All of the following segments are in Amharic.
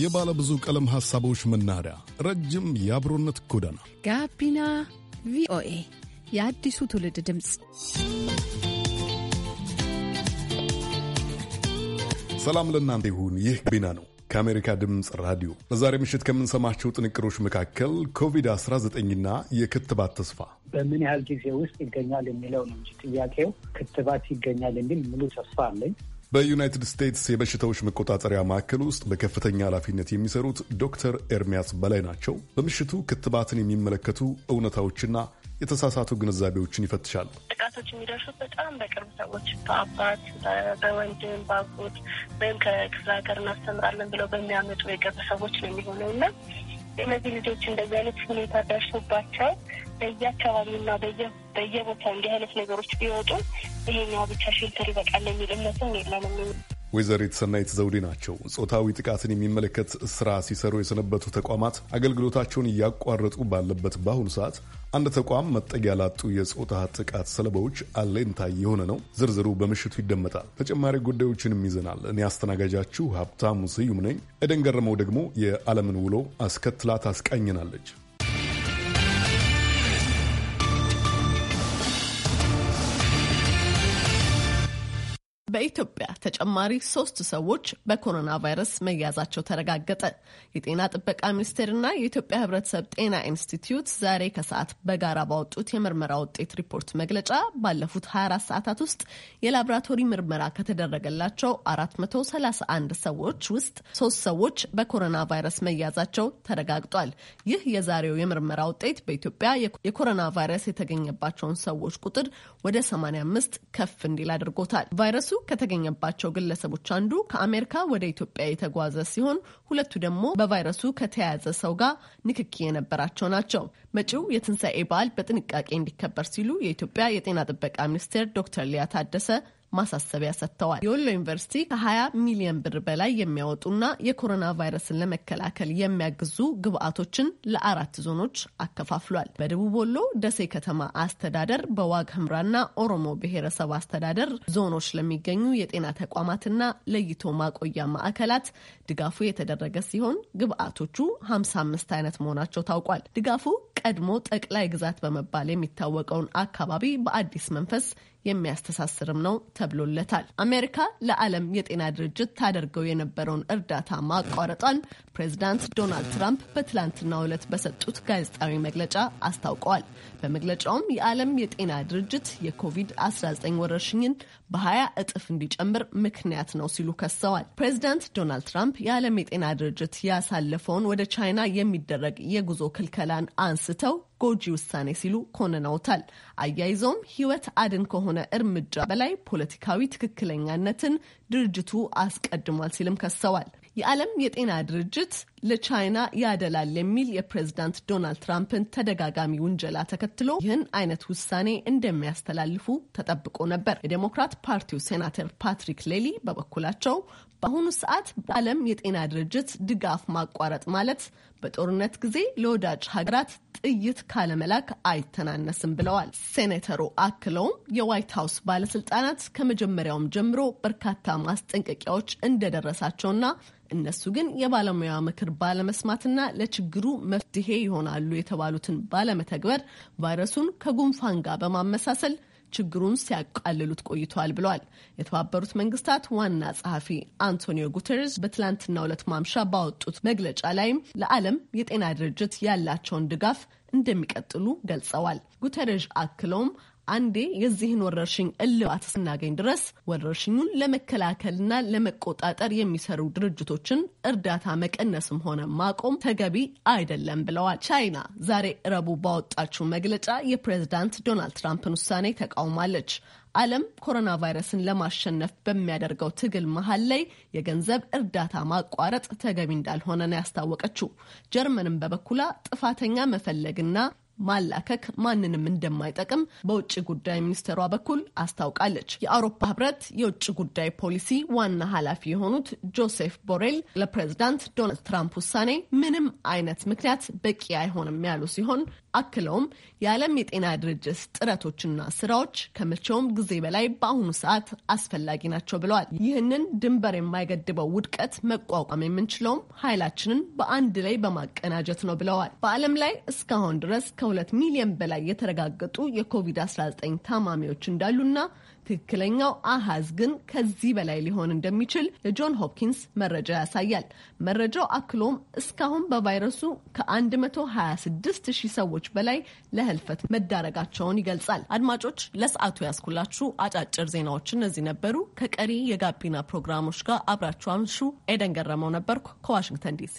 የባለ ብዙ ቀለም ሐሳቦች መናኸሪያ፣ ረጅም የአብሮነት ጎዳና ጋቢና ቪኦኤ የአዲሱ ትውልድ ድምፅ። ሰላም ለእናንተ ይሁን። ይህ ጋቢና ነው ከአሜሪካ ድምፅ ራዲዮ። በዛሬ ምሽት ከምንሰማቸው ጥንቅሮች መካከል ኮቪድ-19ና የክትባት ተስፋ በምን ያህል ጊዜ ውስጥ ይገኛል የሚለው ነው እንጂ ጥያቄው፣ ክትባት ይገኛል የሚል ሙሉ ተስፋ አለኝ በዩናይትድ ስቴትስ የበሽታዎች መቆጣጠሪያ ማዕከል ውስጥ በከፍተኛ ኃላፊነት የሚሰሩት ዶክተር ኤርሚያስ በላይ ናቸው። በምሽቱ ክትባትን የሚመለከቱ እውነታዎችና የተሳሳቱ ግንዛቤዎችን ይፈትሻሉ። ጥቃቶች የሚደርሱት በጣም በቅርብ ሰዎች፣ በአባት፣ በወንድም፣ በአጎት ወይም ከክፍለ ሀገር እናስተምራለን ብለው በሚያመጡ የቅርብ ሰዎች ነው የሚሆነው እና እነዚህ ልጆች እንደዚህ አይነት ሁኔታ ደርሶባቸው በየአካባቢውና በየቦታው እንዲህ አይነት ነገሮች ቢወጡ ይሄኛው ብቻ ሼልተር ይበቃል የሚል እምነትም የለንም። ወይዘሪት ሰናይት ዘውዴ ናቸው። ጾታዊ ጥቃትን የሚመለከት ስራ ሲሰሩ የሰነበቱ ተቋማት አገልግሎታቸውን እያቋረጡ ባለበት በአሁኑ ሰዓት አንድ ተቋም መጠጊያ ላጡ የጾታ ጥቃት ሰለባዎች አለኝታ የሆነ ነው። ዝርዝሩ በምሽቱ ይደመጣል። ተጨማሪ ጉዳዮችንም ይዘናል። እኔ አስተናጋጃችሁ ሀብታሙ ስዩም ነኝ። ኤደን ገረመው ደግሞ የዓለምን ውሎ አስከትላ ታስቃኝናለች። በኢትዮጵያ ተጨማሪ ሶስት ሰዎች በኮሮና ቫይረስ መያዛቸው ተረጋገጠ። የጤና ጥበቃ ሚኒስቴርና የኢትዮጵያ ሕብረተሰብ ጤና ኢንስቲትዩት ዛሬ ከሰዓት በጋራ ባወጡት የምርመራ ውጤት ሪፖርት መግለጫ ባለፉት 24 ሰዓታት ውስጥ የላብራቶሪ ምርመራ ከተደረገላቸው 431 ሰዎች ውስጥ ሶስት ሰዎች በኮሮና ቫይረስ መያዛቸው ተረጋግጧል። ይህ የዛሬው የምርመራ ውጤት በኢትዮጵያ የኮሮና ቫይረስ የተገኘባቸውን ሰዎች ቁጥር ወደ 85 ከፍ እንዲል አድርጎታል። ቫይረሱ ከተገኘባቸው ግለሰቦች አንዱ ከአሜሪካ ወደ ኢትዮጵያ የተጓዘ ሲሆን ሁለቱ ደግሞ በቫይረሱ ከተያያዘ ሰው ጋር ንክኪ የነበራቸው ናቸው። መጪው የትንሣኤ በዓል በጥንቃቄ እንዲከበር ሲሉ የኢትዮጵያ የጤና ጥበቃ ሚኒስቴር ዶክተር ሊያ ታደሰ ማሳሰቢያ ሰጥተዋል። የወሎ ዩኒቨርሲቲ ከ20 ሚሊዮን ብር በላይ የሚያወጡና የኮሮና ቫይረስን ለመከላከል የሚያግዙ ግብዓቶችን ለአራት ዞኖች አከፋፍሏል። በደቡብ ወሎ ደሴ ከተማ አስተዳደር፣ በዋግ ህምራና ኦሮሞ ብሔረሰብ አስተዳደር ዞኖች ለሚገኙ የጤና ተቋማትና ለይቶ ማቆያ ማዕከላት ድጋፉ የተደረገ ሲሆን ግብዓቶቹ 55 አይነት መሆናቸው ታውቋል። ድጋፉ ቀድሞ ጠቅላይ ግዛት በመባል የሚታወቀውን አካባቢ በአዲስ መንፈስ የሚያስተሳስርም ነው ተብሎለታል። አሜሪካ ለዓለም የጤና ድርጅት ታደርገው የነበረውን እርዳታ ማቋረጧን ፕሬዚዳንት ዶናልድ ትራምፕ በትላንትናው ዕለት በሰጡት ጋዜጣዊ መግለጫ አስታውቀዋል። በመግለጫውም የዓለም የጤና ድርጅት የኮቪድ-19 ወረርሽኝን በ20 እጥፍ እንዲጨምር ምክንያት ነው ሲሉ ከሰዋል። ፕሬዚዳንት ዶናልድ ትራምፕ የዓለም የጤና ድርጅት ያሳለፈውን ወደ ቻይና የሚደረግ የጉዞ ክልከላን አንስተው ጎጂ ውሳኔ ሲሉ ኮንነውታል። አያይዘውም ሕይወት አድን ከሆነ እርምጃ በላይ ፖለቲካዊ ትክክለኛነትን ድርጅቱ አስቀድሟል ሲልም ከሰዋል። የዓለም የጤና ድርጅት ለቻይና ያደላል የሚል የፕሬዝዳንት ዶናልድ ትራምፕን ተደጋጋሚ ውንጀላ ተከትሎ ይህን አይነት ውሳኔ እንደሚያስተላልፉ ተጠብቆ ነበር። የዴሞክራት ፓርቲው ሴናተር ፓትሪክ ሌሊ በበኩላቸው በአሁኑ ሰዓት በዓለም የጤና ድርጅት ድጋፍ ማቋረጥ ማለት በጦርነት ጊዜ ለወዳጅ ሀገራት ጥይት ካለመላክ አይተናነስም ብለዋል ሴኔተሩ። አክለውም የዋይት ሀውስ ባለስልጣናት ከመጀመሪያውም ጀምሮ በርካታ ማስጠንቀቂያዎች እንደደረሳቸውና እነሱ ግን የባለሙያ ምክር ባለመስማትና ለችግሩ መፍትሄ ይሆናሉ የተባሉትን ባለመተግበር ቫይረሱን ከጉንፋን ጋር በማመሳሰል ችግሩን ሲያቃልሉት ቆይተዋል ብለዋል። የተባበሩት መንግስታት ዋና ጸሐፊ አንቶኒዮ ጉተርስ በትላንትና ዕለት ማምሻ ባወጡት መግለጫ ላይም ለዓለም የጤና ድርጅት ያላቸውን ድጋፍ እንደሚቀጥሉ ገልጸዋል። ጉተሬዥ አክለውም አንዴ የዚህን ወረርሽኝ እልባት ስናገኝ ድረስ ወረርሽኙን ለመከላከልና ለመቆጣጠር የሚሰሩ ድርጅቶችን እርዳታ መቀነስም ሆነ ማቆም ተገቢ አይደለም ብለዋል። ቻይና ዛሬ ረቡ ባወጣችው መግለጫ የፕሬዝዳንት ዶናልድ ትራምፕን ውሳኔ ተቃውማለች። ዓለም ኮሮና ቫይረስን ለማሸነፍ በሚያደርገው ትግል መሀል ላይ የገንዘብ እርዳታ ማቋረጥ ተገቢ እንዳልሆነ ነው ያስታወቀችው። ጀርመንም በበኩላ ጥፋተኛ መፈለግና ማላከክ ማንንም እንደማይጠቅም በውጭ ጉዳይ ሚኒስቴሯ በኩል አስታውቃለች። የአውሮፓ ህብረት የውጭ ጉዳይ ፖሊሲ ዋና ኃላፊ የሆኑት ጆሴፍ ቦሬል ለፕሬዚዳንት ዶናልድ ትራምፕ ውሳኔ ምንም አይነት ምክንያት በቂ አይሆንም ያሉ ሲሆን አክለውም የዓለም የጤና ድርጅት ጥረቶችና ስራዎች ከመቼውም ጊዜ በላይ በአሁኑ ሰዓት አስፈላጊ ናቸው ብለዋል። ይህንን ድንበር የማይገድበው ውድቀት መቋቋም የምንችለውም ኃይላችንን በአንድ ላይ በማቀናጀት ነው ብለዋል። በዓለም ላይ እስካሁን ድረስ ከሁለት ሚሊዮን በላይ የተረጋገጡ የኮቪድ-19 ታማሚዎች እንዳሉና ትክክለኛው አሃዝ ግን ከዚህ በላይ ሊሆን እንደሚችል የጆን ሆፕኪንስ መረጃ ያሳያል። መረጃው አክሎም እስካሁን በቫይረሱ ከ126 ሺህ ሰዎች በላይ ለህልፈት መዳረጋቸውን ይገልጻል። አድማጮች፣ ለሰዓቱ ያስኩላችሁ አጫጭር ዜናዎች እነዚህ ነበሩ። ከቀሪ የጋቢና ፕሮግራሞች ጋር አብራችሁ አምሹ። ኤደን ገረመው ነበርኩ ከዋሽንግተን ዲሲ።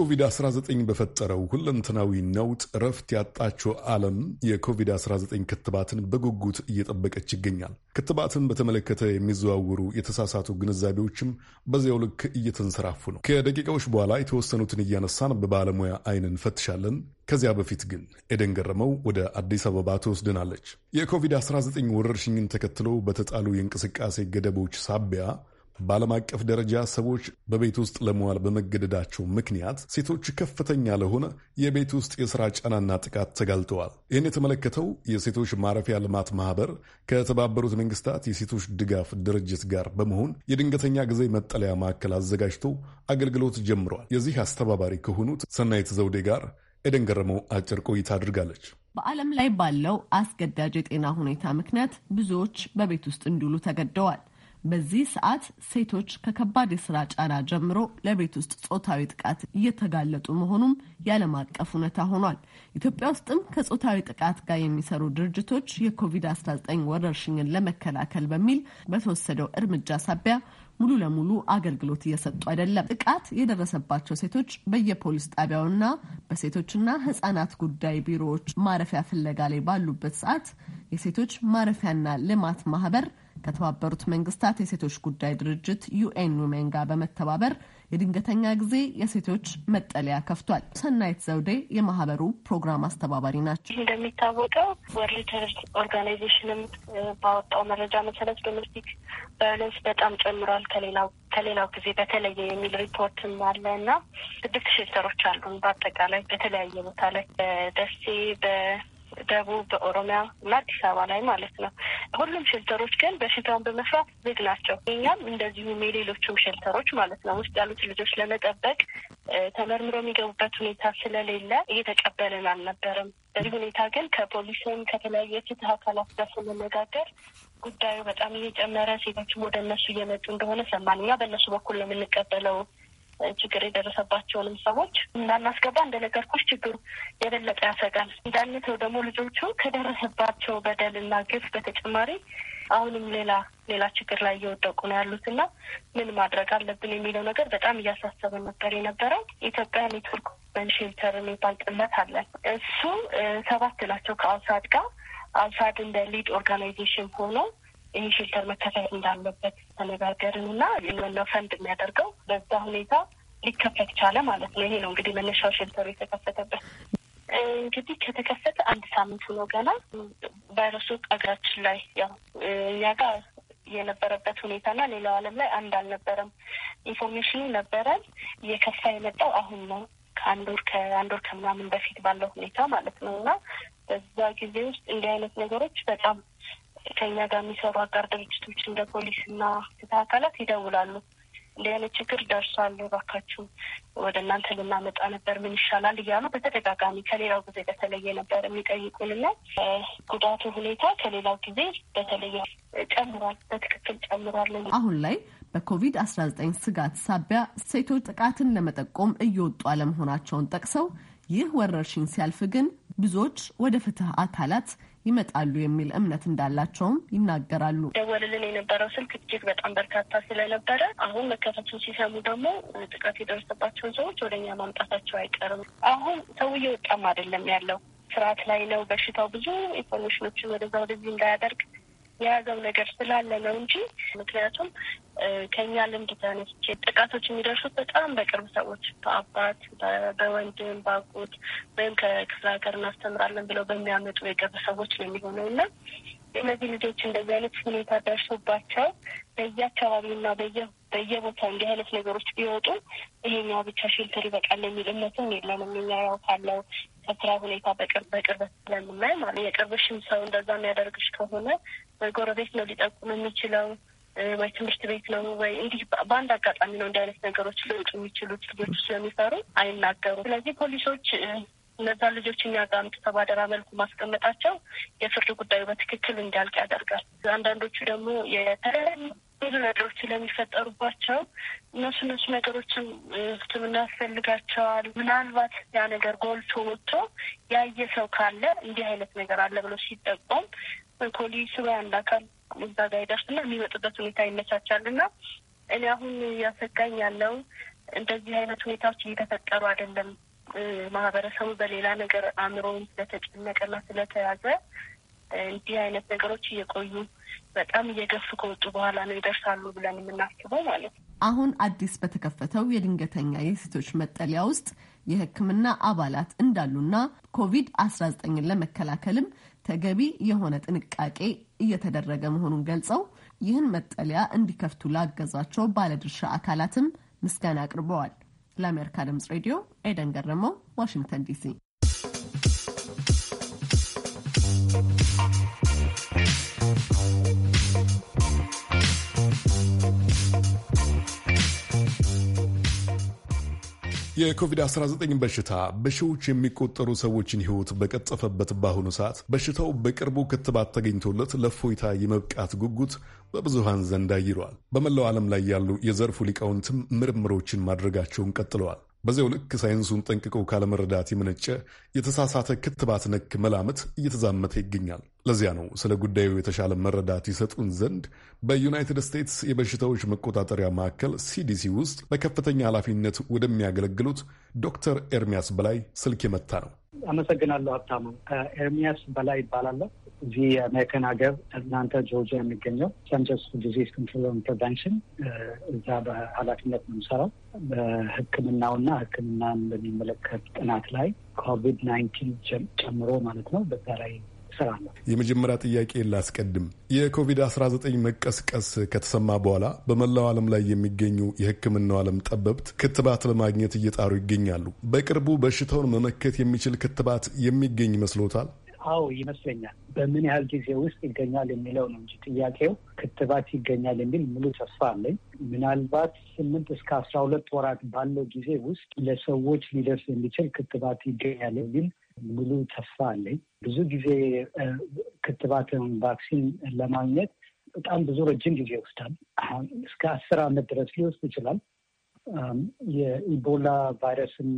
ኮቪድ-19 በፈጠረው ሁለንተናዊ ነውጥ ረፍት ያጣቸው ዓለም የኮቪድ-19 ክትባትን በጉጉት እየጠበቀች ይገኛል። ክትባትን በተመለከተ የሚዘዋወሩ የተሳሳቱ ግንዛቤዎችም በዚያው ልክ እየተንሰራፉ ነው። ከደቂቃዎች በኋላ የተወሰኑትን እያነሳን በባለሙያ አይን እንፈትሻለን። ከዚያ በፊት ግን ኤደን ገረመው ወደ አዲስ አበባ ትወስድናለች። የኮቪድ-19 ወረርሽኝን ተከትሎ በተጣሉ የእንቅስቃሴ ገደቦች ሳቢያ በዓለም አቀፍ ደረጃ ሰዎች በቤት ውስጥ ለመዋል በመገደዳቸው ምክንያት ሴቶች ከፍተኛ ለሆነ የቤት ውስጥ የሥራ ጫናና ጥቃት ተጋልጠዋል። ይህን የተመለከተው የሴቶች ማረፊያ ልማት ማኅበር ከተባበሩት መንግስታት የሴቶች ድጋፍ ድርጅት ጋር በመሆን የድንገተኛ ጊዜ መጠለያ ማዕከል አዘጋጅቶ አገልግሎት ጀምሯል። የዚህ አስተባባሪ ከሆኑት ሰናይት ዘውዴ ጋር ኤደን ገረመው አጭር ቆይታ አድርጋለች። በዓለም ላይ ባለው አስገዳጅ የጤና ሁኔታ ምክንያት ብዙዎች በቤት ውስጥ እንዲውሉ ተገደዋል። በዚህ ሰዓት ሴቶች ከከባድ የስራ ጫና ጀምሮ ለቤት ውስጥ ጾታዊ ጥቃት እየተጋለጡ መሆኑም የዓለም አቀፍ እውነታ ሆኗል። ኢትዮጵያ ውስጥም ከጾታዊ ጥቃት ጋር የሚሰሩ ድርጅቶች የኮቪድ-19 ወረርሽኝን ለመከላከል በሚል በተወሰደው እርምጃ ሳቢያ ሙሉ ለሙሉ አገልግሎት እየሰጡ አይደለም። ጥቃት የደረሰባቸው ሴቶች በየፖሊስ ጣቢያውና በሴቶችና ህጻናት ጉዳይ ቢሮዎች ማረፊያ ፍለጋ ላይ ባሉበት ሰዓት የሴቶች ማረፊያና ልማት ማህበር ከተባበሩት መንግስታት የሴቶች ጉዳይ ድርጅት ዩኤን ዊሜን ጋር በመተባበር የድንገተኛ ጊዜ የሴቶች መጠለያ ከፍቷል። ሰናይት ዘውዴ የማህበሩ ፕሮግራም አስተባባሪ ናቸው። እንደሚታወቀው ወርልድ ሄልዝ ኦርጋናይዜሽንም ባወጣው መረጃ መሰረት ዶሜስቲክ ቫዮለንስ በጣም ጨምሯል ከሌላው ከሌላው ጊዜ በተለየ የሚል ሪፖርትም አለ እና ስድስት ሼልተሮች አሉን በአጠቃላይ በተለያየ ቦታ ላይ በደሴ ደቡብ፣ በኦሮሚያ እና አዲስ አበባ ላይ ማለት ነው። ሁሉም ሼልተሮች ግን በሽታውን በመስራት ዝግ ናቸው። እኛም እንደዚሁም የሌሎቹም ሼልተሮች ማለት ነው ውስጥ ያሉት ልጆች ለመጠበቅ ተመርምረው የሚገቡበት ሁኔታ ስለሌለ እየተቀበልን አልነበረም። በዚህ ሁኔታ ግን ከፖሊስም ከተለያዩ የፍትህ አካላት ጋር ስንነጋገር ጉዳዩ በጣም እየጨመረ ሴቶችም ወደ እነሱ እየመጡ እንደሆነ እኛ በእነሱ በኩል ነው የምንቀበለው ችግር የደረሰባቸውንም ሰዎች እንዳናስገባ እንደነገርኩሽ ችግሩ የበለጠ ያሰጋል። እንዳንተው ደግሞ ልጆቹ ከደረሰባቸው በደልና ግፍ በተጨማሪ አሁንም ሌላ ሌላ ችግር ላይ እየወደቁ ነው ያሉትና ምን ማድረግ አለብን የሚለው ነገር በጣም እያሳሰበን ነበር የነበረው። ኢትዮጵያ ኔትወርክ ኦፍ ሼልተር የሚባል ጥምረት አለን። እሱ ሰባት ናቸው ከአውሳድ ጋር አውሳድ እንደ ሊድ ኦርጋናይዜሽን ሆኖ ይህ ሼልተር መከፈት እንዳለበት ተነጋገርን እና የመላው ፈንድ የሚያደርገው በዛ ሁኔታ ሊከፈት ቻለ ማለት ነው። ይሄ ነው እንግዲህ መነሻው ሸልተሩ የተከፈተበት። እንግዲህ ከተከፈተ አንድ ሳምንት ነው ገና ቫይረሱ ሀገራችን ላይ ያው እኛ ጋር የነበረበት ሁኔታና ሌላው ዓለም ላይ አንድ አልነበረም። ኢንፎርሜሽኑ ነበረን። እየከፋ የመጣው አሁን ነው ከአንድ ወር ከአንድ ወር ከምናምን በፊት ባለው ሁኔታ ማለት ነው እና በዛ ጊዜ ውስጥ እንዲህ አይነት ነገሮች በጣም ከኛ ጋር የሚሰሩ አጋር ድርጅቶች እንደ ፖሊስና ፍትህ አካላት ይደውላሉ። እንዲህ አይነት ችግር ደርሷል፣ እባካችሁ ወደ እናንተ ልናመጣ ነበር፣ ምን ይሻላል እያሉ በተደጋጋሚ ከሌላው ጊዜ በተለየ ነበር የሚጠይቁንና ጉዳቱ ሁኔታ ከሌላው ጊዜ በተለየ ጨምሯል፣ በትክክል ጨምሯል። አሁን ላይ በኮቪድ አስራ ዘጠኝ ስጋት ሳቢያ ሴቶች ጥቃትን ለመጠቆም እየወጡ አለመሆናቸውን ጠቅሰው ይህ ወረርሽኝ ሲያልፍ ግን ብዙዎች ወደ ፍትህ አካላት ይመጣሉ የሚል እምነት እንዳላቸውም ይናገራሉ። ደወልልን የነበረው ስልክ እጅግ በጣም በርካታ ስለነበረ አሁን መከፈቱን ሲሰሙ ደግሞ ጥቃት የደረሰባቸውን ሰዎች ወደ እኛ ማምጣታቸው አይቀርም። አሁን ሰው እየወጣም አይደለም ያለው ስርዓት ላይ ነው። በሽታው ብዙ ኢንፎርሜሽኖችን ወደዛ ወደዚህ እንዳያደርግ የያዘው ነገር ስላለ ነው እንጂ ምክንያቱም ከኛ ልምድ ተነስቼ ጥቃቶች የሚደርሱት በጣም በቅርብ ሰዎች በአባት፣ በወንድም፣ በአጎት ወይም ከክፍለ ሀገር እናስተምራለን ብለው በሚያመጡ የቅርብ ሰዎች ነው የሚሆነው እና እነዚህ ልጆች እንደዚህ አይነት ሁኔታ ደርሶባቸው በየአካባቢና በየቦታው እንዲህ አይነት ነገሮች ቢወጡ ይሄኛው ብቻ ሼልተር ይበቃል የሚል እምነትም የለንም። እኛ ያው ካለው በስራ ሁኔታ በቅርብ በቅርበት ስለምናይ ማለት የቅርብሽም ሰው እንደዛ የሚያደርግሽ ከሆነ ወይ ጎረቤት ነው ሊጠቁም የሚችለው ወይ ትምህርት ቤት ነው ወይ እንዲህ በአንድ አጋጣሚ ነው እንዲህ አይነት ነገሮች ሊወጡ የሚችሉት። ልጆቹ ስለሚፈሩ አይናገሩም። ስለዚህ ፖሊሶች እነዛ ልጆች እኛ ጋር አምጥተው ባደራ መልኩ ማስቀመጣቸው የፍርድ ጉዳዩ በትክክል እንዲያልቅ ያደርጋል። አንዳንዶቹ ደግሞ የተለያዩ ብዙ ነገሮች ስለሚፈጠሩባቸው እነሱ እነሱ ነገሮችም ሕክምና ያስፈልጋቸዋል። ምናልባት ያ ነገር ጎልቶ ወጥቶ ያየ ሰው ካለ እንዲህ አይነት ነገር አለ ብሎ ሲጠቆም ፖሊስ ወይ አንድ አካል እዛ ጋር ይደርስና የሚመጡበት ሁኔታ ይመቻቻል እና እኔ አሁን እያሰጋኝ ያለው እንደዚህ አይነት ሁኔታዎች እየተፈጠሩ አይደለም። ማህበረሰቡ በሌላ ነገር አእምሮውን ስለተጨነቀና ስለተያዘ እንዲህ አይነት ነገሮች እየቆዩ በጣም እየገፉ ከወጡ በኋላ ነው ይደርሳሉ ብለን የምናስበው ማለት ነው። አሁን አዲስ በተከፈተው የድንገተኛ የሴቶች መጠለያ ውስጥ የሕክምና አባላት እንዳሉና ኮቪድ አስራ ዘጠኝን ለመከላከልም ተገቢ የሆነ ጥንቃቄ እየተደረገ መሆኑን ገልጸው ይህን መጠለያ እንዲከፍቱ ላገዟቸው ባለድርሻ አካላትም ምስጋና አቅርበዋል። ለአሜሪካ ድምጽ ሬዲዮ ኤደን ገረመው፣ ዋሽንግተን ዲሲ የኮቪድ-19 በሽታ በሺዎች የሚቆጠሩ ሰዎችን ሕይወት በቀጠፈበት በአሁኑ ሰዓት በሽታው በቅርቡ ክትባት ተገኝቶለት ለእፎይታ የመብቃት ጉጉት በብዙሃን ዘንድ አይሏል። በመላው ዓለም ላይ ያሉ የዘርፉ ሊቃውንትም ምርምሮችን ማድረጋቸውን ቀጥለዋል። በዚያው ልክ ሳይንሱን ጠንቅቆ ካለመረዳት የመነጨ የተሳሳተ ክትባት ነክ መላምት እየተዛመተ ይገኛል። ለዚያ ነው ስለ ጉዳዩ የተሻለ መረዳት ይሰጡን ዘንድ በዩናይትድ ስቴትስ የበሽታዎች መቆጣጠሪያ ማዕከል ሲዲሲ ውስጥ በከፍተኛ ኃላፊነት ወደሚያገለግሉት ዶክተር ኤርሚያስ በላይ ስልክ የመታ ነው። አመሰግናለሁ ሀብታሙ። ኤርሚያስ በላይ ይባላለሁ። እዚህ የአሜሪካን ሀገር አትላንታ ጆርጂያ የሚገኘው ሰንተርስ ዲዚዝ ኮንትሮል ፕሪቨንሽን እዛ በኃላፊነት ነው የምሰራው። በሕክምናውና ሕክምናን በሚመለከት ጥናት ላይ ኮቪድ ናይንቲን ጨምሮ ማለት ነው በዛ ላይ የመጀመሪያ ጥያቄ ላስቀድም። የኮቪድ-19 መቀስቀስ ከተሰማ በኋላ በመላው ዓለም ላይ የሚገኙ የህክምናው ዓለም ጠበብት ክትባት ለማግኘት እየጣሩ ይገኛሉ። በቅርቡ በሽታውን መመከት የሚችል ክትባት የሚገኝ ይመስሎታል? አዎ ይመስለኛል። በምን ያህል ጊዜ ውስጥ ይገኛል የሚለው ነው እንጂ ጥያቄው ክትባት ይገኛል የሚል ሙሉ ተስፋ አለኝ። ምናልባት ስምንት እስከ አስራ ሁለት ወራት ባለው ጊዜ ውስጥ ለሰዎች ሊደርስ የሚችል ክትባት ይገኛል የሚል ሙሉ ተስፋ አለኝ። ብዙ ጊዜ ክትባትን ቫክሲን ለማግኘት በጣም ብዙ ረጅም ጊዜ ይወስዳል። እስከ አስር ዓመት ድረስ ሊወስድ ይችላል። የኢቦላ ቫይረስን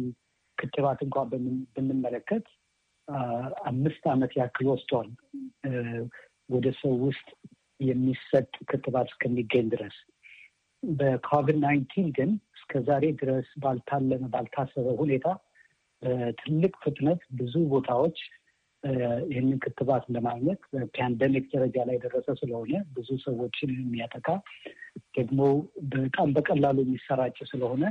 ክትባት እንኳን ብንመለከት አምስት ዓመት ያክል ወስዷል ወደ ሰው ውስጥ የሚሰጥ ክትባት እስከሚገኝ ድረስ። በኮቪድ ናይንቲን ግን እስከ ዛሬ ድረስ ባልታለመ ባልታሰበ ሁኔታ በትልቅ ፍጥነት ብዙ ቦታዎች ይህንን ክትባት ለማግኘት ፓንደሚክ ደረጃ ላይ የደረሰ ስለሆነ ብዙ ሰዎችን የሚያጠቃ ደግሞ በጣም በቀላሉ የሚሰራጭ ስለሆነ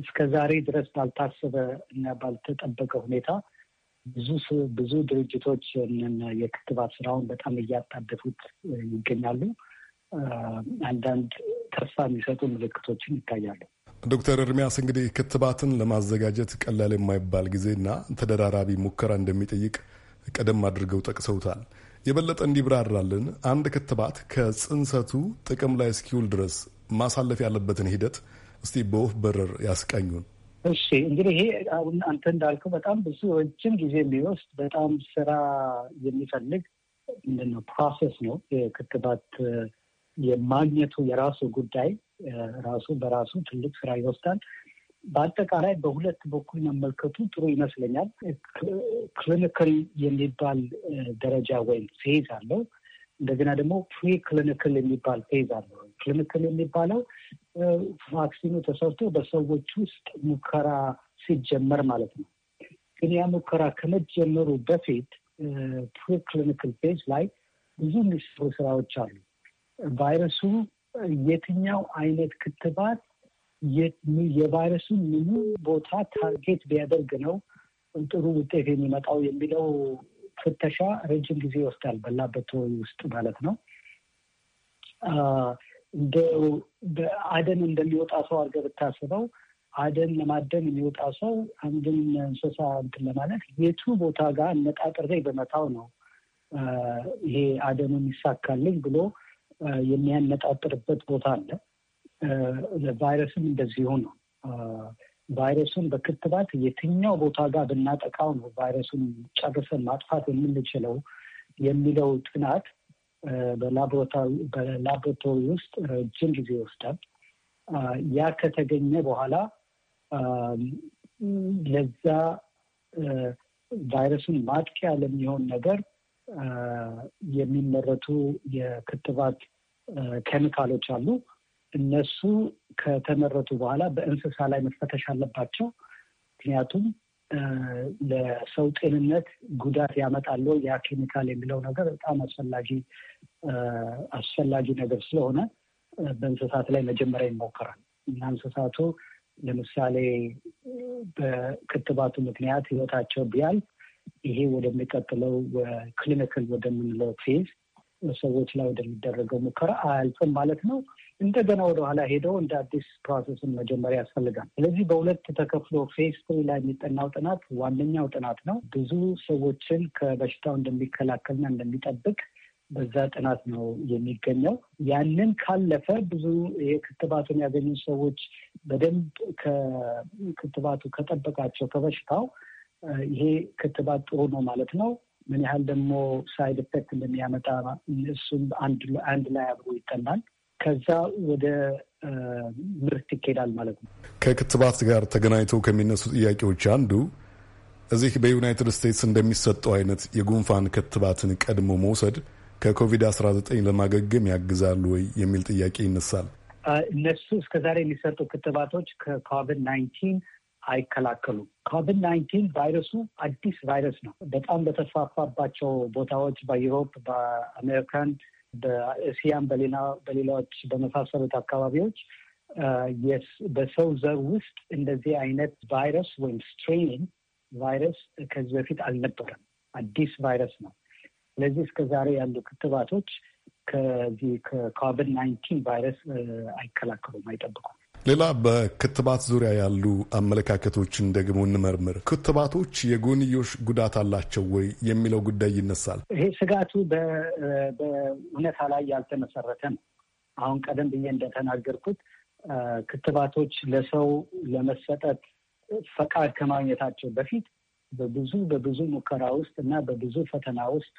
እስከ ዛሬ ድረስ ባልታሰበ እና ባልተጠበቀ ሁኔታ ብዙ ብዙ ድርጅቶች የክትባት ስራውን በጣም እያጣደፉት ይገኛሉ። አንዳንድ ተስፋ የሚሰጡ ምልክቶችን ይታያሉ። ዶክተር እርሚያስ እንግዲህ ክትባትን ለማዘጋጀት ቀላል የማይባል ጊዜና ተደራራቢ ሙከራ እንደሚጠይቅ ቀደም አድርገው ጠቅሰውታል። የበለጠ እንዲብራራልን አንድ ክትባት ከጽንሰቱ ጥቅም ላይ እስኪውል ድረስ ማሳለፍ ያለበትን ሂደት እስቲ በወፍ በረር ያስቀኙን። እሺ እንግዲህ ይሄ አሁን አንተ እንዳልከው በጣም ብዙ ረጅም ጊዜ የሚወስድ በጣም ስራ የሚፈልግ ምንድነው ፕሮሰስ ነው። የክትባት የማግኘቱ የራሱ ጉዳይ ራሱ በራሱ ትልቅ ስራ ይወስዳል። በአጠቃላይ በሁለት በኩል መመልከቱ ጥሩ ይመስለኛል። ክሊኒክል የሚባል ደረጃ ወይም ፌዝ አለው። እንደገና ደግሞ ፕሪ ክሊኒክል የሚባል ፌዝ አለው። ክሊኒክል የሚባለው ቫክሲኑ ተሰርቶ በሰዎች ውስጥ ሙከራ ሲጀመር ማለት ነው። ግን ያ ሙከራ ከመጀመሩ በፊት ፕሪክሊኒክል ቤዝ ላይ ብዙ የሚሰሩ ስራዎች አሉ። ቫይረሱ የትኛው አይነት ክትባት የቫይረሱን ምኑ ቦታ ታርጌት ቢያደርግ ነው ጥሩ ውጤት የሚመጣው የሚለው ፍተሻ ረጅም ጊዜ ይወስዳል፣ በላቦራቶሪ ውስጥ ማለት ነው። አደን እንደሚወጣ ሰው አድርገህ ብታስበው አደን ለማደን የሚወጣ ሰው አንድን እንስሳ እንትን ለማለት የቱ ቦታ ጋር አነጣጥሬ በመታው ነው ይሄ አደኑን ይሳካልኝ ብሎ የሚያነጣጥርበት ቦታ አለ። ቫይረስም እንደዚሁ ነው። ቫይረሱን በክትባት የትኛው ቦታ ጋር ብናጠቃው ነው ቫይረሱን ጨርሰን ማጥፋት የምንችለው የሚለው ጥናት በላቦራቶሪ ውስጥ ረጅም ጊዜ ይወስዳል። ያ ከተገኘ በኋላ ለዛ ቫይረሱን ማጥቂያ ለሚሆን ነገር የሚመረቱ የክትባት ኬሚካሎች አሉ። እነሱ ከተመረቱ በኋላ በእንስሳ ላይ መፈተሽ አለባቸው። ምክንያቱም ለሰው ጤንነት ጉዳት ያመጣል ያ ኬሚካል የሚለው ነገር በጣም አስፈላጊ አስፈላጊ ነገር ስለሆነ በእንስሳት ላይ መጀመሪያ ይሞከራል እና እንስሳቱ ለምሳሌ በክትባቱ ምክንያት ህይወታቸው ቢያልፍ ይሄ ወደሚቀጥለው ክሊኒክል ወደምንለው ፌዝ ሰዎች ላይ ወደሚደረገው ሙከራ አያልፍም ማለት ነው። እንደገና ወደ ኋላ ሄደው እንደ አዲስ ፕሮሰስን መጀመሪያ ያስፈልጋል። ስለዚህ በሁለት ተከፍሎ ፌስ ትሪ ላይ የሚጠናው ጥናት ዋነኛው ጥናት ነው። ብዙ ሰዎችን ከበሽታው እንደሚከላከልና እንደሚጠብቅ በዛ ጥናት ነው የሚገኘው። ያንን ካለፈ ብዙ የክትባቱን ያገኙ ሰዎች በደንብ ከክትባቱ ከጠበቃቸው ከበሽታው ይሄ ክትባት ጥሩ ነው ማለት ነው። ምን ያህል ደግሞ ሳይድ ኢፌክት እንደሚያመጣ እሱም አንድ ላይ አብሮ ይጠናል። ከዛ ወደ ምርት ይኬዳል ማለት ነው። ከክትባት ጋር ተገናኝቶ ከሚነሱ ጥያቄዎች አንዱ እዚህ በዩናይትድ ስቴትስ እንደሚሰጠው አይነት የጉንፋን ክትባትን ቀድሞ መውሰድ ከኮቪድ-19 ለማገገም ያግዛሉ ወይ የሚል ጥያቄ ይነሳል። እነሱ እስከዛሬ የሚሰጡ ክትባቶች ከኮቪድ 19 አይከላከሉም። ኮቪድ ኮቪድ-19 ቫይረሱ አዲስ ቫይረስ ነው። በጣም በተስፋፋባቸው ቦታዎች በዩሮፕ፣ በአሜሪካን በእስያም በሌላዎች በመሳሰሉት አካባቢዎች በሰው ዘር ውስጥ እንደዚህ አይነት ቫይረስ ወይም ስትሬን ቫይረስ ከዚህ በፊት አልነበረም። አዲስ ቫይረስ ነው። ስለዚህ እስከ ዛሬ ያሉ ክትባቶች ከዚህ ከኮቪድ ናይንቲን ቫይረስ አይከላከሉም፣ አይጠብቁም። ሌላ በክትባት ዙሪያ ያሉ አመለካከቶችን ደግሞ እንመርምር። ክትባቶች የጎንዮሽ ጉዳት አላቸው ወይ የሚለው ጉዳይ ይነሳል። ይሄ ስጋቱ በእውነታ ላይ ያልተመሰረተ ነው። አሁን ቀደም ብዬ እንደተናገርኩት ክትባቶች ለሰው ለመሰጠት ፈቃድ ከማግኘታቸው በፊት በብዙ በብዙ ሙከራ ውስጥ እና በብዙ ፈተና ውስጥ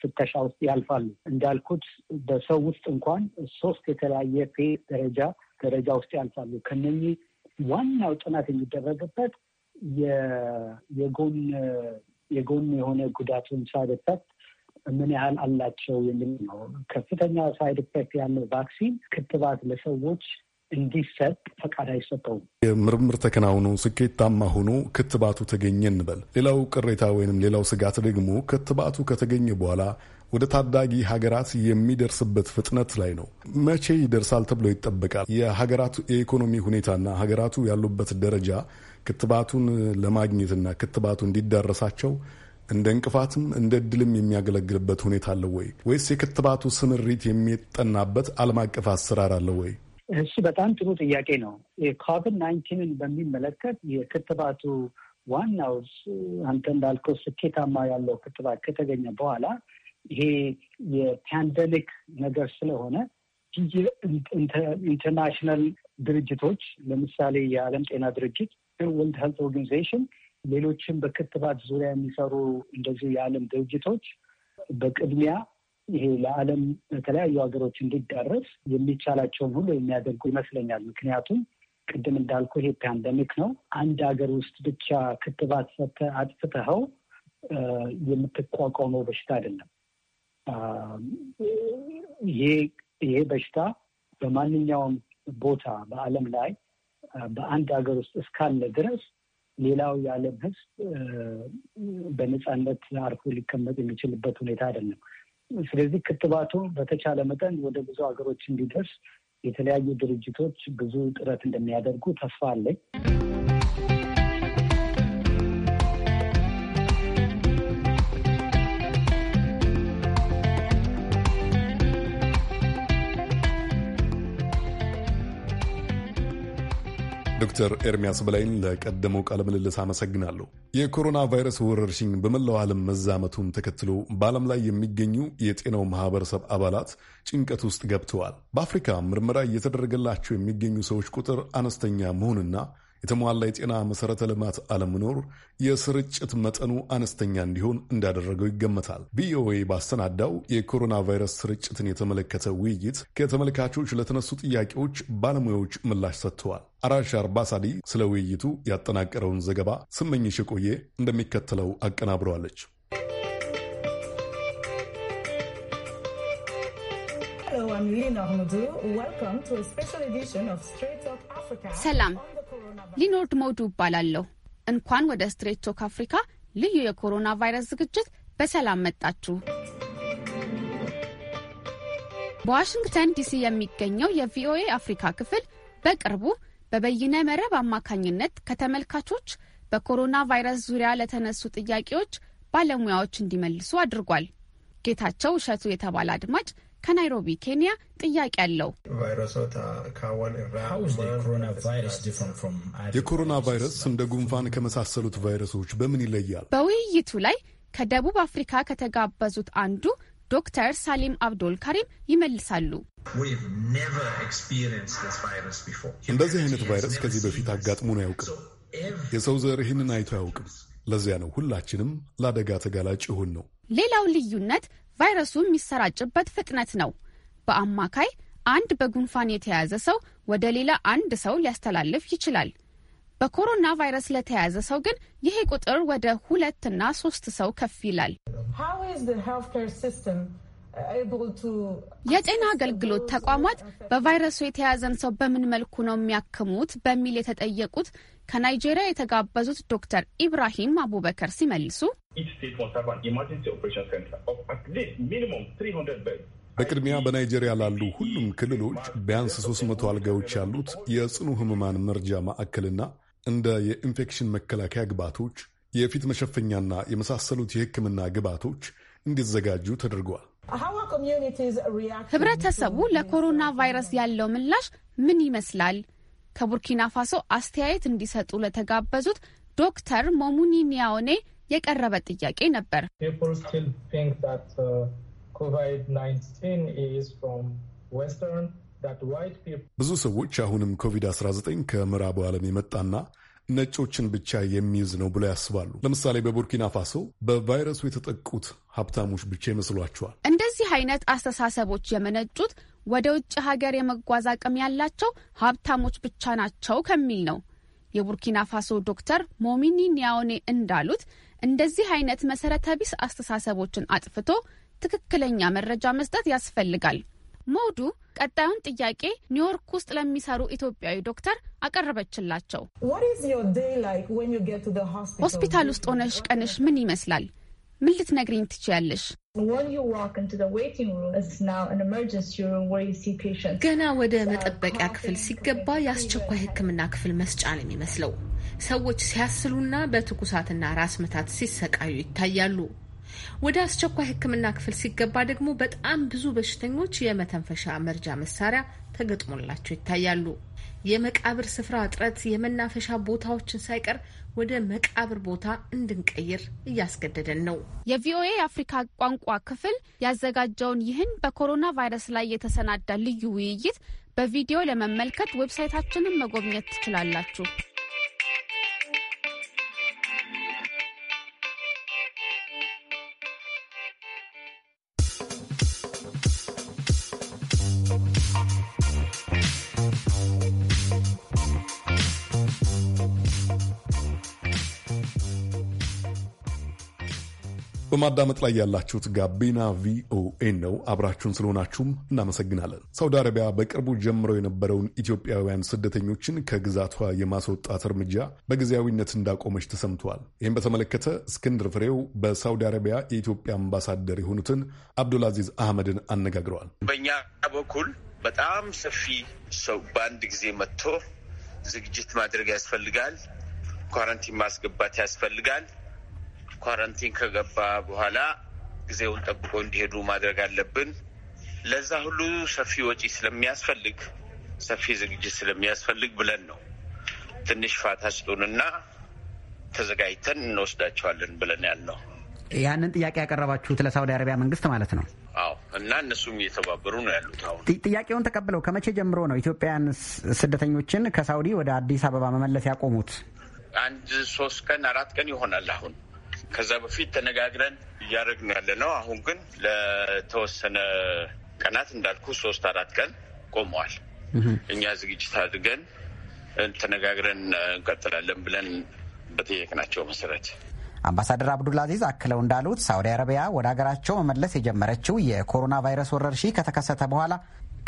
ፍተሻ ውስጥ ያልፋሉ። እንዳልኩት በሰው ውስጥ እንኳን ሶስት የተለያየ ፌ ደረጃ ደረጃ ውስጥ ያልፋሉ። ከነኚህ ዋናው ጥናት የሚደረግበት የጎን የጎን የሆነ ጉዳቱን ሳይድ ኢፌክት ምን ያህል አላቸው የሚል ነው። ከፍተኛ ሳይድ ኢፌክት ያለው ቫክሲን ክትባት ለሰዎች እንዲሰጥ ፈቃድ አይሰጠውም። የምርምር ተከናውኖ ስኬታማ ሆኖ ክትባቱ ተገኘ እንበል። ሌላው ቅሬታ ወይንም ሌላው ስጋት ደግሞ ክትባቱ ከተገኘ በኋላ ወደ ታዳጊ ሀገራት የሚደርስበት ፍጥነት ላይ ነው። መቼ ይደርሳል ተብሎ ይጠበቃል? የሀገራቱ የኢኮኖሚ ሁኔታና ሀገራቱ ያሉበት ደረጃ ክትባቱን ለማግኘትና ክትባቱ እንዲዳረሳቸው እንደ እንቅፋትም እንደ እድልም የሚያገለግልበት ሁኔታ አለ ወይ? ወይስ የክትባቱ ስምሪት የሚጠናበት ዓለም አቀፍ አሰራር አለ ወይ? እሱ በጣም ጥሩ ጥያቄ ነው። የኮቪድ ናይንቲንን በሚመለከት የክትባቱ ዋናው አንተ እንዳልከው ስኬታማ ያለው ክትባት ከተገኘ በኋላ ይሄ የፓንደሚክ ነገር ስለሆነ ኢንተርናሽናል ድርጅቶች ለምሳሌ የዓለም ጤና ድርጅት፣ ወርልድ ሄልት ኦርጋኒዜሽን፣ ሌሎችም በክትባት ዙሪያ የሚሰሩ እንደዚህ የዓለም ድርጅቶች በቅድሚያ ይሄ ለዓለም በተለያዩ ሀገሮች እንዲዳረስ የሚቻላቸውን ሁሉ የሚያደርጉ ይመስለኛል። ምክንያቱም ቅድም እንዳልኩ ይሄ ፓንደሚክ ነው። አንድ ሀገር ውስጥ ብቻ ክትባት ሰተ አጥፍተኸው የምትቋቋመው በሽታ አይደለም። ይሄ በሽታ በማንኛውም ቦታ በዓለም ላይ በአንድ ሀገር ውስጥ እስካለ ድረስ ሌላው የዓለም ሕዝብ በነፃነት አርፎ ሊቀመጥ የሚችልበት ሁኔታ አይደለም። ስለዚህ ክትባቱ በተቻለ መጠን ወደ ብዙ ሀገሮች እንዲደርስ የተለያዩ ድርጅቶች ብዙ ጥረት እንደሚያደርጉ ተስፋ አለኝ። ዶክተር ኤርሚያስ በላይን ለቀደመው ቃለ ምልልስ አመሰግናለሁ። የኮሮና ቫይረስ ወረርሽኝ በመላው ዓለም መዛመቱን ተከትሎ በዓለም ላይ የሚገኙ የጤናው ማህበረሰብ አባላት ጭንቀት ውስጥ ገብተዋል። በአፍሪካ ምርመራ እየተደረገላቸው የሚገኙ ሰዎች ቁጥር አነስተኛ መሆንና የተሟላ የጤና መሠረተ ልማት አለመኖር የስርጭት መጠኑ አነስተኛ እንዲሆን እንዳደረገው ይገመታል። ቪኦኤ ባሰናዳው የኮሮና ቫይረስ ስርጭትን የተመለከተ ውይይት ከተመልካቾች ለተነሱ ጥያቄዎች ባለሙያዎች ምላሽ ሰጥተዋል። አራሽ አርባሳዲ ስለ ውይይቱ ያጠናቀረውን ዘገባ ስመኝሽ የቆየ እንደሚከተለው አቀናብረዋለች። ሰላም oh, ሊኖርድ ሞዱ እባላለሁ። እንኳን ወደ ስትሬት ቶክ አፍሪካ ልዩ የኮሮና ቫይረስ ዝግጅት በሰላም መጣችሁ። በዋሽንግተን ዲሲ የሚገኘው የቪኦኤ አፍሪካ ክፍል በቅርቡ በበይነ መረብ አማካኝነት ከተመልካቾች በኮሮና ቫይረስ ዙሪያ ለተነሱ ጥያቄዎች ባለሙያዎች እንዲመልሱ አድርጓል። ጌታቸው እሸቱ የተባለ አድማጭ ከናይሮቢ ኬንያ ጥያቄ አለው። የኮሮና ቫይረስ እንደ ጉንፋን ከመሳሰሉት ቫይረሶች በምን ይለያል? በውይይቱ ላይ ከደቡብ አፍሪካ ከተጋበዙት አንዱ ዶክተር ሳሊም አብዶል ካሪም ይመልሳሉ። እንደዚህ አይነት ቫይረስ ከዚህ በፊት አጋጥሞን አያውቅም። የሰው ዘር ይህንን አይቶ አያውቅም። ለዚያ ነው ሁላችንም ለአደጋ ተጋላጭ ይሆን ነው። ሌላው ልዩነት ቫይረሱ የሚሰራጭበት ፍጥነት ነው። በአማካይ አንድ በጉንፋን የተያዘ ሰው ወደ ሌላ አንድ ሰው ሊያስተላልፍ ይችላል። በኮሮና ቫይረስ ለተያዘ ሰው ግን ይሄ ቁጥር ወደ ሁለትና ሶስት ሰው ከፍ ይላል። የጤና አገልግሎት ተቋማት በቫይረሱ የተያዘን ሰው በምን መልኩ ነው የሚያክሙት በሚል የተጠየቁት ከናይጄሪያ የተጋበዙት ዶክተር ኢብራሂም አቡበከር ሲመልሱ በቅድሚያ በናይጄሪያ ላሉ ሁሉም ክልሎች ቢያንስ 300 አልጋዎች ያሉት የጽኑ ሕሙማን መርጃ ማዕከልና እንደ የኢንፌክሽን መከላከያ ግብዓቶች፣ የፊት መሸፈኛና የመሳሰሉት የህክምና ግብዓቶች እንዲዘጋጁ ተደርገዋል። ህብረተሰቡ ለኮሮና ቫይረስ ያለው ምላሽ ምን ይመስላል? ከቡርኪና ፋሶ አስተያየት እንዲሰጡ ለተጋበዙት ዶክተር ሞሙኒ ኒያኔ የቀረበ ጥያቄ ነበር። uh, ብዙ ሰዎች አሁንም ኮቪድ-19 ከምዕራቡ ዓለም የመጣና ነጮችን ብቻ የሚይዝ ነው ብለው ያስባሉ። ለምሳሌ በቡርኪና ፋሶ በቫይረሱ የተጠቁት ሀብታሞች ብቻ ይመስሏቸዋል። እንደዚህ አይነት አስተሳሰቦች የመነጩት ወደ ውጭ ሀገር የመጓዝ አቅም ያላቸው ሀብታሞች ብቻ ናቸው ከሚል ነው። የቡርኪና ፋሶ ዶክተር ሞሚኒ ኒያውኔ እንዳሉት እንደዚህ አይነት መሰረተ ቢስ አስተሳሰቦችን አጥፍቶ ትክክለኛ መረጃ መስጠት ያስፈልጋል። ሞዱ ቀጣዩን ጥያቄ ኒውዮርክ ውስጥ ለሚሰሩ ኢትዮጵያዊ ዶክተር አቀረበችላቸው። ሆስፒታል ውስጥ ሆነሽ ቀንሽ ምን ይመስላል? ምን ልትነግሪኝ ትችያለሽ? ገና ወደ መጠበቂያ ክፍል ሲገባ የአስቸኳይ ሕክምና ክፍል መስጫ ነው የሚመስለው። ሰዎች ሲያስሉና በትኩሳትና ራስ ምታት ሲሰቃዩ ይታያሉ። ወደ አስቸኳይ ሕክምና ክፍል ሲገባ ደግሞ በጣም ብዙ በሽተኞች የመተንፈሻ መርጃ መሳሪያ ተገጥሞላቸው ይታያሉ። የመቃብር ስፍራ እጥረት የመናፈሻ ቦታዎችን ሳይቀር ወደ መቃብር ቦታ እንድንቀይር እያስገደደን ነው። የቪኦኤ የአፍሪካ ቋንቋ ክፍል ያዘጋጀውን ይህን በኮሮና ቫይረስ ላይ የተሰናዳ ልዩ ውይይት በቪዲዮ ለመመልከት ዌብሳይታችንን መጎብኘት ትችላላችሁ። በማዳመጥ ላይ ያላችሁት ጋቢና ቪኦኤን ነው። አብራችሁን ስለሆናችሁም እናመሰግናለን። ሳውዲ አረቢያ በቅርቡ ጀምረው የነበረውን ኢትዮጵያውያን ስደተኞችን ከግዛቷ የማስወጣት እርምጃ በጊዜያዊነት እንዳቆመች ተሰምተዋል። ይህም በተመለከተ እስክንድር ፍሬው በሳውዲ አረቢያ የኢትዮጵያ አምባሳደር የሆኑትን አብዱልአዚዝ አህመድን አነጋግረዋል። በእኛ በኩል በጣም ሰፊ ሰው በአንድ ጊዜ መጥቶ ዝግጅት ማድረግ ያስፈልጋል። ኳረንቲን ማስገባት ያስፈልጋል። ኳረንቲን ከገባ በኋላ ጊዜውን ጠብቆ እንዲሄዱ ማድረግ አለብን። ለዛ ሁሉ ሰፊ ወጪ ስለሚያስፈልግ ሰፊ ዝግጅት ስለሚያስፈልግ ብለን ነው ትንሽ ፋታ ስጡንና ተዘጋጅተን እንወስዳቸዋለን ብለን ያልነው። ያንን ጥያቄ ያቀረባችሁት ለሳውዲ አረቢያ መንግስት ማለት ነው? አዎ። እና እነሱም እየተባበሩ ነው ያሉት። አሁን ጥያቄውን ተቀብለው ከመቼ ጀምሮ ነው ኢትዮጵያውያን ስደተኞችን ከሳውዲ ወደ አዲስ አበባ መመለስ ያቆሙት? አንድ ሶስት ቀን አራት ቀን ይሆናል አሁን ከዛ በፊት ተነጋግረን እያደረግን ያለ ነው። አሁን ግን ለተወሰነ ቀናት እንዳልኩ ሶስት አራት ቀን ቆመዋል። እኛ ዝግጅት አድርገን ተነጋግረን እንቀጥላለን ብለን በጠየቅናቸው መሰረት አምባሳደር አብዱልአዚዝ አክለው እንዳሉት ሳዑዲ አረቢያ ወደ ሀገራቸው መመለስ የጀመረችው የኮሮና ቫይረስ ወረርሽኝ ከተከሰተ በኋላ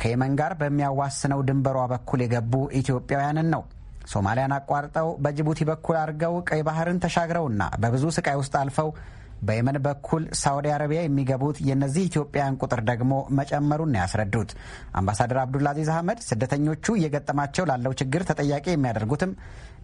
ከየመን ጋር በሚያዋስነው ድንበሯ በኩል የገቡ ኢትዮጵያውያንን ነው። ሶማሊያን አቋርጠው በጅቡቲ በኩል አድርገው ቀይ ባህርን ተሻግረውና በብዙ ስቃይ ውስጥ አልፈው በየመን በኩል ሳዑዲ አረቢያ የሚገቡት የእነዚህ ኢትዮጵያውያን ቁጥር ደግሞ መጨመሩን ያስረዱት አምባሳደር አብዱልአዚዝ አህመድ ስደተኞቹ እየገጠማቸው ላለው ችግር ተጠያቂ የሚያደርጉትም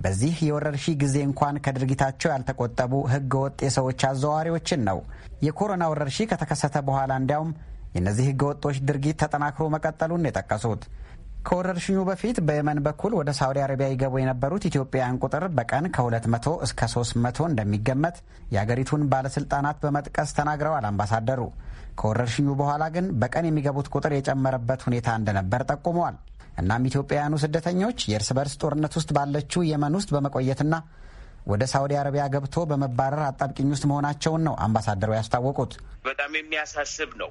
በዚህ የወረርሺ ጊዜ እንኳን ከድርጊታቸው ያልተቆጠቡ ህገወጥ የሰዎች አዘዋዋሪዎችን ነው። የኮሮና ወረርሺ ከተከሰተ በኋላ እንዲያውም የእነዚህ ህገወጦች ድርጊት ተጠናክሮ መቀጠሉን የጠቀሱት ከወረርሽኙ በፊት በየመን በኩል ወደ ሳውዲ አረቢያ ይገቡ የነበሩት ኢትዮጵያውያን ቁጥር በቀን ከ200 እስከ 300 እንደሚገመት የአገሪቱን ባለስልጣናት በመጥቀስ ተናግረዋል አምባሳደሩ። ከወረርሽኙ በኋላ ግን በቀን የሚገቡት ቁጥር የጨመረበት ሁኔታ እንደነበር ጠቁመዋል። እናም ኢትዮጵያውያኑ ስደተኞች የእርስ በርስ ጦርነት ውስጥ ባለችው የመን ውስጥ በመቆየትና ወደ ሳውዲ አረቢያ ገብቶ በመባረር አጣብቂኝ ውስጥ መሆናቸውን ነው አምባሳደሩ ያስታወቁት። በጣም የሚያሳስብ ነው።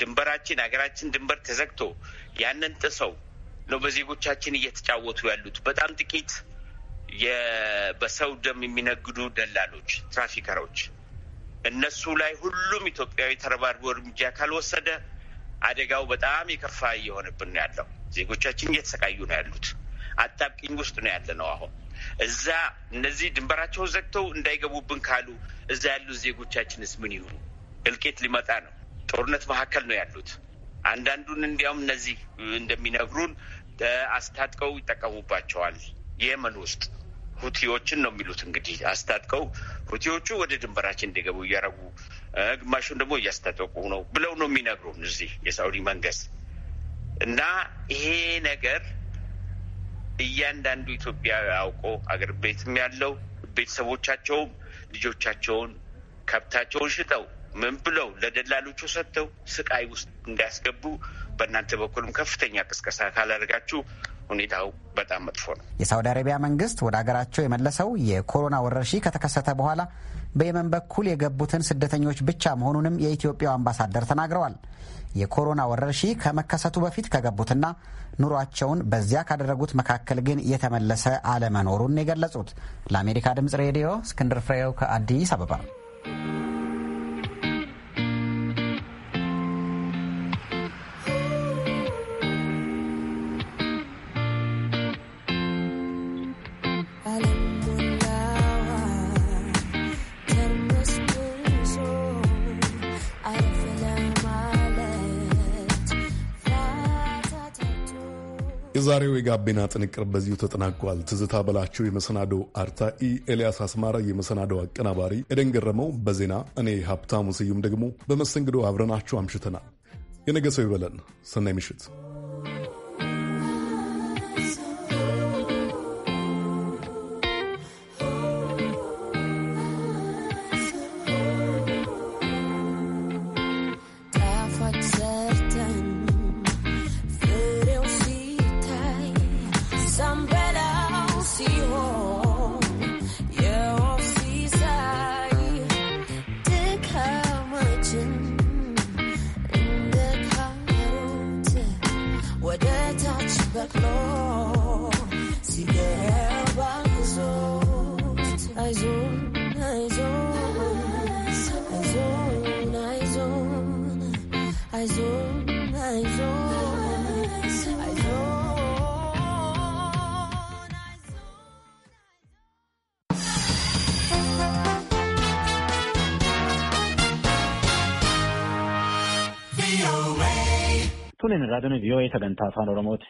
ድንበራችን ሀገራችን ድንበር ተዘግቶ ያንን ጥሰው ነው በዜጎቻችን እየተጫወቱ ያሉት። በጣም ጥቂት በሰው ደም የሚነግዱ ደላሎች፣ ትራፊከሮች እነሱ ላይ ሁሉም ኢትዮጵያዊ ተረባርቦ እርምጃ ካልወሰደ አደጋው በጣም የከፋ እየሆነብን ነው ያለው። ዜጎቻችን እየተሰቃዩ ነው ያሉት። አጣብቂኝ ውስጥ ነው ያለ ነው አሁን እዛ እነዚህ ድንበራቸውን ዘግተው እንዳይገቡብን ካሉ እዛ ያሉት ዜጎቻችንስ ምን ይሁኑ? እልቂት ሊመጣ ነው። ጦርነት መካከል ነው ያሉት። አንዳንዱን እንዲያውም እነዚህ እንደሚነግሩን አስታጥቀው ይጠቀሙባቸዋል። የመን ውስጥ ሁቲዎችን ነው የሚሉት እንግዲህ አስታጥቀው ሁቲዎቹ ወደ ድንበራችን እንዲገቡ እያረጉ ግማሹን ደግሞ እያስታጠቁ ነው ብለው ነው የሚነግሩን እዚህ የሳዲ መንግስት እና ይሄ ነገር እያንዳንዱ ኢትዮጵያዊ አውቆ አገር ቤትም ያለው ቤተሰቦቻቸውም ልጆቻቸውን ከብታቸውን ሽጠው ምን ብለው ለደላሎቹ ሰጥተው ስቃይ ውስጥ እንዳያስገቡ በእናንተ በኩልም ከፍተኛ ቅስቀሳ ካላደርጋችሁ ሁኔታው በጣም መጥፎ ነው። የሳውዲ አረቢያ መንግስት ወደ አገራቸው የመለሰው የኮሮና ወረርሽኝ ከተከሰተ በኋላ በየመን በኩል የገቡትን ስደተኞች ብቻ መሆኑንም የኢትዮጵያው አምባሳደር ተናግረዋል። የኮሮና ወረርሽኝ ከመከሰቱ በፊት ከገቡትና ኑሯቸውን በዚያ ካደረጉት መካከል ግን የተመለሰ አለመኖሩን የገለጹት ለአሜሪካ ድምጽ ሬዲዮ እስክንድር ፍሬው ከአዲስ አበባ የዛሬው የጋቢና ጥንቅር በዚሁ ተጠናቋል። ትዝታ በላቸው የመሰናዶ አርታኢ፣ ኤልያስ አስማራ የመሰናዶ አቀናባሪ፣ ኤደን ገረመው በዜና እኔ ሀብታሙ ስዩም ደግሞ በመስተንግዶ አብረናችሁ አምሽተናል። የነገ ሰው ይበለን። ሰናይ ምሽት አነጋገርን ቪኦኤ sagantaa afaan oromooti.